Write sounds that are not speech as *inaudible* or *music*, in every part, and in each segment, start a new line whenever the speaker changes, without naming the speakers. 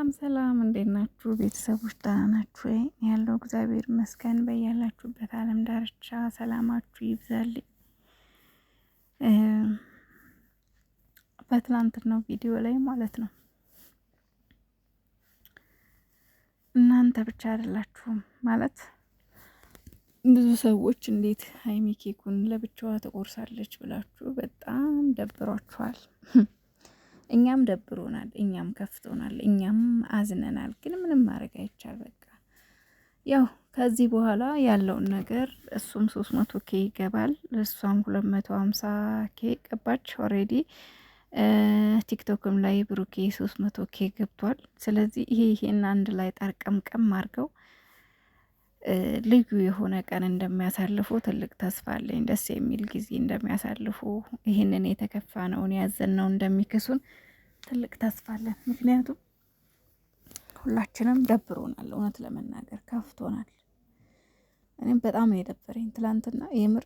ሰላም ሰላም፣ እንዴት ናችሁ ቤተሰቦች? ደህና ናችሁ ወይ? ያለው እግዚአብሔር ይመስገን። በያላችሁበት ዓለም ዳርቻ ሰላማችሁ ይብዛልኝ። በትላንትናው ቪዲዮ ላይ ማለት ነው እናንተ ብቻ አይደላችሁም ማለት ብዙ ሰዎች እንዴት ሀይሚ ኬኩን ለብቻዋ ተቆርሳለች ብላችሁ በጣም ደብሯችኋል። እኛም ደብሮናል፣ እኛም ከፍቶናል፣ እኛም አዝነናል። ግን ምንም ማድረግ አይቻል። በቃ ያው ከዚህ በኋላ ያለውን ነገር እሱም ሶስት መቶ ኬ ይገባል፣ እሷም ሁለት መቶ ሀምሳ ኬ ቀባች ኦልሬዲ። ቲክቶክም ላይ ብሩኬ ሶስት መቶ ኬ ገብቷል። ስለዚህ ይሄ ይሄን አንድ ላይ ጠርቀምቀም አድርገው ልዩ የሆነ ቀን እንደሚያሳልፉ ትልቅ ተስፋ አለኝ። ደስ የሚል ጊዜ እንደሚያሳልፉ ይህንን የተከፋ ነውን ያዘን ነው እንደሚክሱን ትልቅ ተስፋ አለን። ምክንያቱም ሁላችንም ደብሮናል፣ እውነት ለመናገር ከፍቶናል። እኔም በጣም ነው የደበረኝ ትላንትና፣ የምር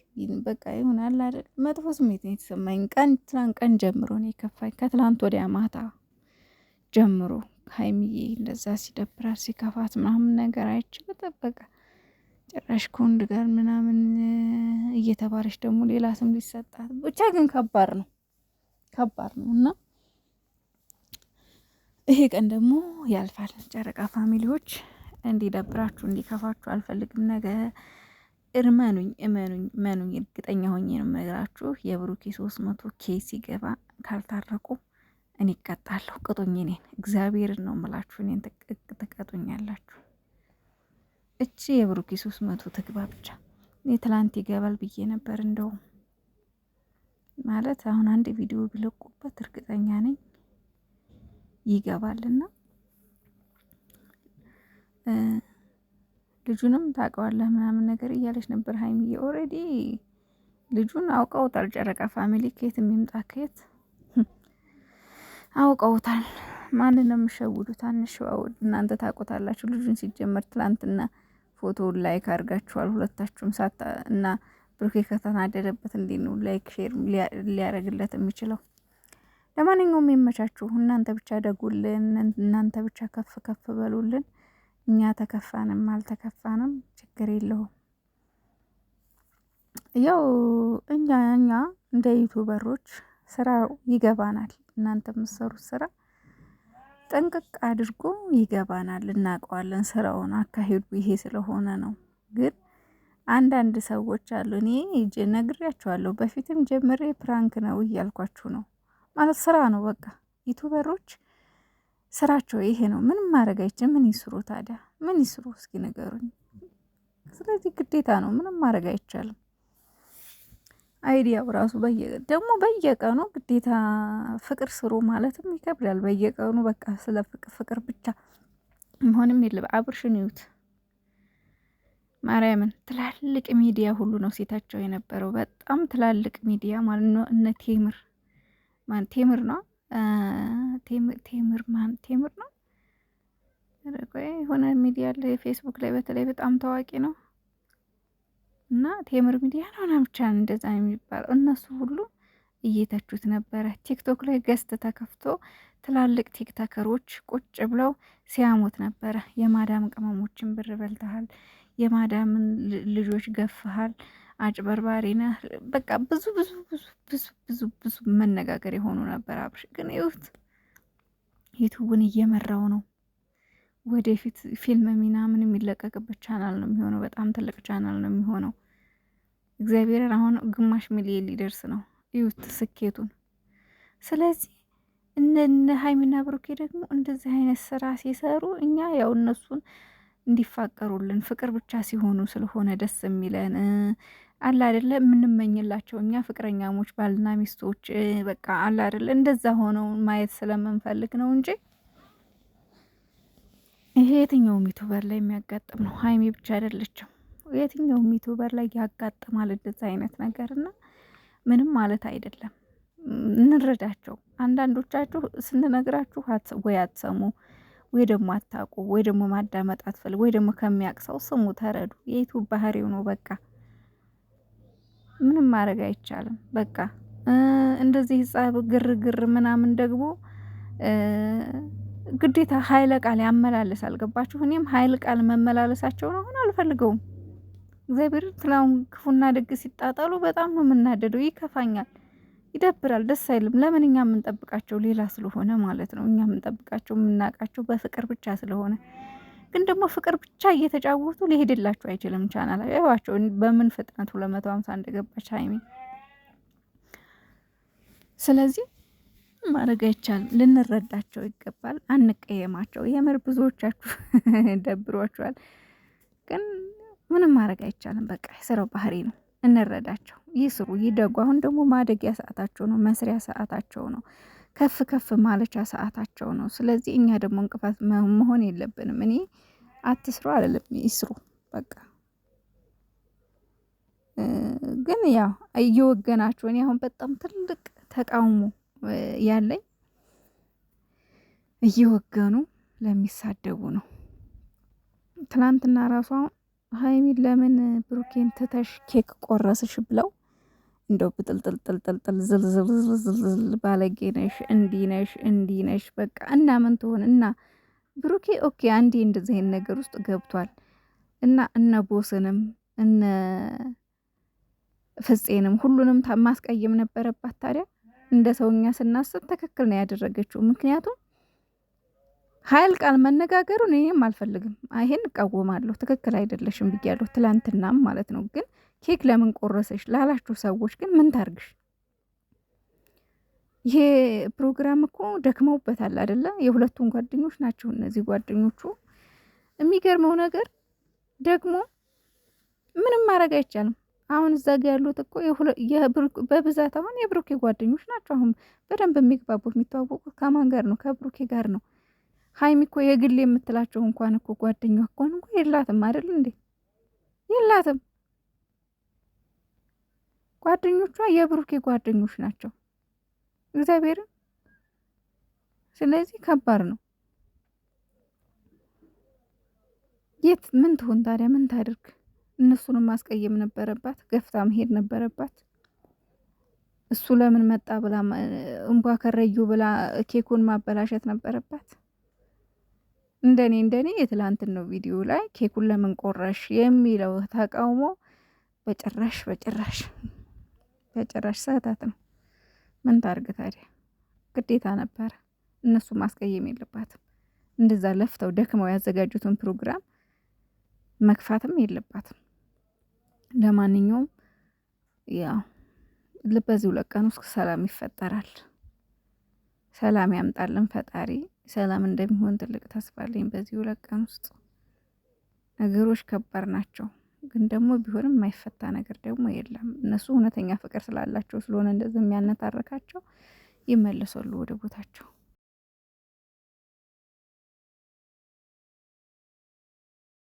በቃ ይሁን አለ አይደል፣ መጥፎ ስሜት ነው የተሰማኝ። ቀን ትላንት ቀን ጀምሮ ነው የከፋኝ፣ ከትላንት ወዲያ ማታ ጀምሮ ሀይሚዬ እንደዛ ሲደብራት ሲከፋት ምናምን ነገር አይችል በቃ ጭራሽ ከወንድ ጋር ምናምን እየተባለች ደግሞ ሌላ ስም ሊሰጣት ብቻ ግን ከባድ ነው ከባድ ነው እና ይሄ ቀን ደግሞ ያልፋል። ጨረቃ ፋሚሊዎች እንዲደብራችሁ እንዲከፋችሁ አልፈልግም። ነገ እርመኑኝ እመኑኝ መኑኝ እርግጠኛ ሆኜ ነው የምነግራችሁ። የብሩኬ ሶስት መቶ ኬ ሲገባ ካልታረቁ እኔ እቀጣለሁ። ቅጡኝ፣ እኔን እግዚአብሔርን ነው የምላችሁ። እኔን ትቀጡኛላችሁ። እቺ የብሩኬ ሶስት መቶ ትግባ ብቻ። እኔ ትላንት ይገባል ብዬ ነበር። እንደውም ማለት አሁን አንድ ቪዲዮ ቢለቁበት እርግጠኛ ነኝ ይገባልና ልጁንም ታውቀዋለህ ምናምን ነገር እያለች ነበር ሀይሚዬ። ኦልሬዲ ልጁን አውቀውታል። ጨረቃ ፋሚሊ ከየት የሚምጣ ከየት አውቀውታል። ማንን ነው የምሸውዱት? አንሸዋውድ። እናንተ ታውቆታላችሁ ልጁን ሲጀመር ትላንትና ፎቶውን ላይክ አድርጋችኋል ሁለታችሁም ሳታ እና ብሩኬ ከተናደደበት እንዲ ነው ላይክ ሼር ሊያደርግለት የሚችለው? ለማንኛውም ይመቻችሁ። እናንተ ብቻ ደጉልን፣ እናንተ ብቻ ከፍ ከፍ በሉልን። እኛ ተከፋንም አልተከፋንም ችግር የለውም። ያው እኛ እኛ እንደ ዩቱበሮች ስራው ይገባናል። እናንተ የምትሰሩት ስራ ጠንቅቅ አድርጎ ይገባናል፣ እናውቀዋለን። ስራውን አካሄዱ ይሄ ስለሆነ ነው። ግን አንዳንድ ሰዎች አሉ፣ እኔ ነግሬያቸዋለሁ፣ በፊትም ጀምሬ ፕራንክ ነው እያልኳችሁ ነው። ማለት ስራ ነው በቃ። ዩቱበሮች ስራቸው ይሄ ነው። ምንም ማድረግ አይችል። ምን ይስሩ ታዲያ? ምን ይስሩ? እስኪ ንገሩኝ። ስለዚህ ግዴታ ነው፣ ምንም ማድረግ አይቻልም። አይዲያው ራሱ ደግሞ በየቀኑ ግዴታ ፍቅር ስሩ ማለትም ይከብዳል። በየቀኑ በቃ ስለ ፍቅር ፍቅር ብቻ መሆንም የለም። አብርሽን ይዩት ማርያምን ትላልቅ ሚዲያ ሁሉ ነው ሴታቸው የነበረው በጣም ትላልቅ ሚዲያ ማለት ነው። እነ ቴምር ማን ቴምር ነው ቴምር ማን ቴምር ነው የሆነ ሚዲያ ፌስቡክ ላይ በተለይ በጣም ታዋቂ ነው። እና ቴምር ሚዲያ ነው ብቻ እንደዛ የሚባለው እነሱ ሁሉ እየተቹት ነበረ። ቲክቶክ ላይ ገስት ተከፍቶ ትላልቅ ቲክቶከሮች ቁጭ ብለው ሲያሞት ነበረ። የማዳም ቅመሞችን ብር በልተሃል፣ የማዳምን ልጆች ገፍሃል፣ አጭበርባሪ ነህ፣ በቃ ብዙ ብዙ ብዙ ብዙ ብዙ ብዙ መነጋገር የሆኑ ነበር። አብርሽ ግን ይሁት ዩቱቡን እየመራው ነው። ወደፊት ፊልም ምናምን የሚለቀቅበት ቻናል ነው የሚሆነው። በጣም ትልቅ ቻናል ነው የሚሆነው። እግዚአብሔር አሁን ግማሽ ሚሊየን ሊደርስ ነው እዩት ስኬቱን። ስለዚህ እነ ሀይሚና ብሩኬ ደግሞ እንደዚህ አይነት ስራ ሲሰሩ እኛ ያው እነሱን እንዲፋቀሩልን ፍቅር ብቻ ሲሆኑ ስለሆነ ደስ የሚለን አላ አደለ የምንመኝላቸው እኛ ፍቅረኛሞች ባልና ሚስቶች በቃ አላ አደለ እንደዛ ሆነው ማየት ስለምንፈልግ ነው እንጂ ይሄ የትኛውም ዩቱበር ላይ የሚያጋጥም ነው። ሀይሜ ብቻ አይደለችም። የትኛውም ዩቱበር ላይ ያጋጥማል እንደዛ አይነት ነገር እና ምንም ማለት አይደለም። እንረዳቸው። አንዳንዶቻችሁ ስንነግራችሁ ወይ አትሰሙ ወይ ደግሞ አታውቁ ወይ ደግሞ ማዳመጥ አትፈል ወይ ደግሞ ከሚያቅሰው ስሙ፣ ተረዱ። የዩቱብ ባህሪው ነው። በቃ ምንም ማድረግ አይቻልም። በቃ እንደዚህ ጸብ፣ ግርግር ምናምን ደግሞ ግዴታ ኃይለ ቃል ያመላለስ አልገባችሁ። እኔም ኃይል ቃል ነው አሁን አልፈልገውም። እግዚአብሔር ትላውን ክፉና ደግ ሲጣጣሉ በጣም ነው የምናደደው። ይከፋኛል፣ ይደብራል፣ ደስ አይልም። ለምን እኛ የምንጠብቃቸው ሌላ ስለሆነ ማለት ነው። እኛ የምንጠብቃቸው የምናውቃቸው በፍቅር ብቻ ስለሆነ ግን ደግሞ ፍቅር ብቻ እየተጫወቱ ሊሄድላቸው አይችልም። ቻናላ ይዋቸው በምን ፍጥነት ሁለት መቶ ሀምሳ እንደገባች ሀይሚ ስለዚህ ምንም ማድረግ አይቻልም። ልንረዳቸው ይገባል። አንቀየማቸው። የምር ብዙዎቻችሁ *laughs* ደብሯቸዋል፣ ግን ምንም ማድረግ አይቻልም። በቃ የስራው ባህሪ ነው። እንረዳቸው። ይስሩ፣ ይደጉ። አሁን ደግሞ ማደጊያ ሰዓታቸው ነው። መስሪያ ሰዓታቸው ነው። ከፍ ከፍ ማለቻ ሰዓታቸው ነው። ስለዚህ እኛ ደግሞ እንቅፋት መሆን የለብንም። እኔ አትስሩ አለልም፣ ይስሩ በቃ ግን ያው እየወገናቸው እኔ አሁን በጣም ትልቅ ተቃውሞ ያለኝ እየወገኑ ለሚሳደቡ ነው። ትላንትና ራሷ ሀይሚን ለምን ብሩኬን ትተሽ ኬክ ቆረስሽ ብለው እንደው ብጥልጥልጥልጥልጥል ዝልዝልዝልዝል ባለጌ ነሽ፣ እንዲህ ነሽ፣ እንዲህ ነሽ በቃ እና ምን ትሆን እና ብሩኬ ኦኬ፣ አንዴ እንደዚህ አይነት ነገር ውስጥ ገብቷል እና እነ ቦስንም እነ ፍጼንም ሁሉንም ማስቀየም ነበረባት ታዲያ እንደ ሰውኛ ስናስብ ትክክል ነው ያደረገችው። ምክንያቱም ሀይል ቃል መነጋገሩን እኔም አልፈልግም፣ ይሄን እቃወማለሁ። ትክክል አይደለሽም ብያለሁ፣ ትላንትናም ማለት ነው። ግን ኬክ ለምን ቆረሰሽ ላላችሁ ሰዎች ግን ምን ታርግሽ? ይሄ ፕሮግራም እኮ ደክመውበታል አይደለ? የሁለቱን ጓደኞች ናቸው እነዚህ ጓደኞቹ። የሚገርመው ነገር ደግሞ ምንም ማድረግ አይቻልም። አሁን እዛ ጋ ያሉት እኮ በብዛት አሁን የብሩኬ ጓደኞች ናቸው። አሁን በደንብ የሚግባቡት የሚተዋወቁት ከማን ጋር ነው? ከብሩኬ ጋር ነው። ሀይሚ እኮ የግል የምትላቸው እንኳን እኮ ጓደኛ እኳን እኮ የላትም አይደል እንዴ? የላትም። ጓደኞቿ የብሩኬ ጓደኞች ናቸው። እግዚአብሔርን ስለዚህ ከባድ ነው። የት ምን ትሆን ታዲያ? ምን ታድርግ? እነሱንም ማስቀየም ነበረባት፣ ገፍታ መሄድ ነበረባት። እሱ ለምን መጣ ብላ እንቧ ከረዩ ብላ ኬኩን ማበላሸት ነበረባት። እንደኔ እንደኔ ነው ቪዲዮ ላይ ኬኩን ለምን ቆረሽ የሚለው ተቃውሞ በጭራሽ በጭራሽ በጭራሽ ስህተት ነው። ምን ታርግ ታዲያ ግዴታ ነበረ። እነሱ ማስቀየም የለባትም። እንደዛ ለፍተው ደክመው ያዘጋጁትን ፕሮግራም መክፋትም የለባትም። ለማንኛውም ያው በዚህ ሁለት ቀን ውስጥ ሰላም ይፈጠራል። ሰላም ያምጣልን ፈጣሪ። ሰላም እንደሚሆን ትልቅ ተስፋ አለኝ። በዚህ ሁለት ቀን ውስጥ ነገሮች ከባድ ናቸው፣ ግን ደግሞ ቢሆንም የማይፈታ ነገር ደግሞ የለም። እነሱ እውነተኛ ፍቅር ስላላቸው ስለሆነ እንደዚህ የሚያነታርካቸው ይመለሳሉ ወደ ቦታቸው።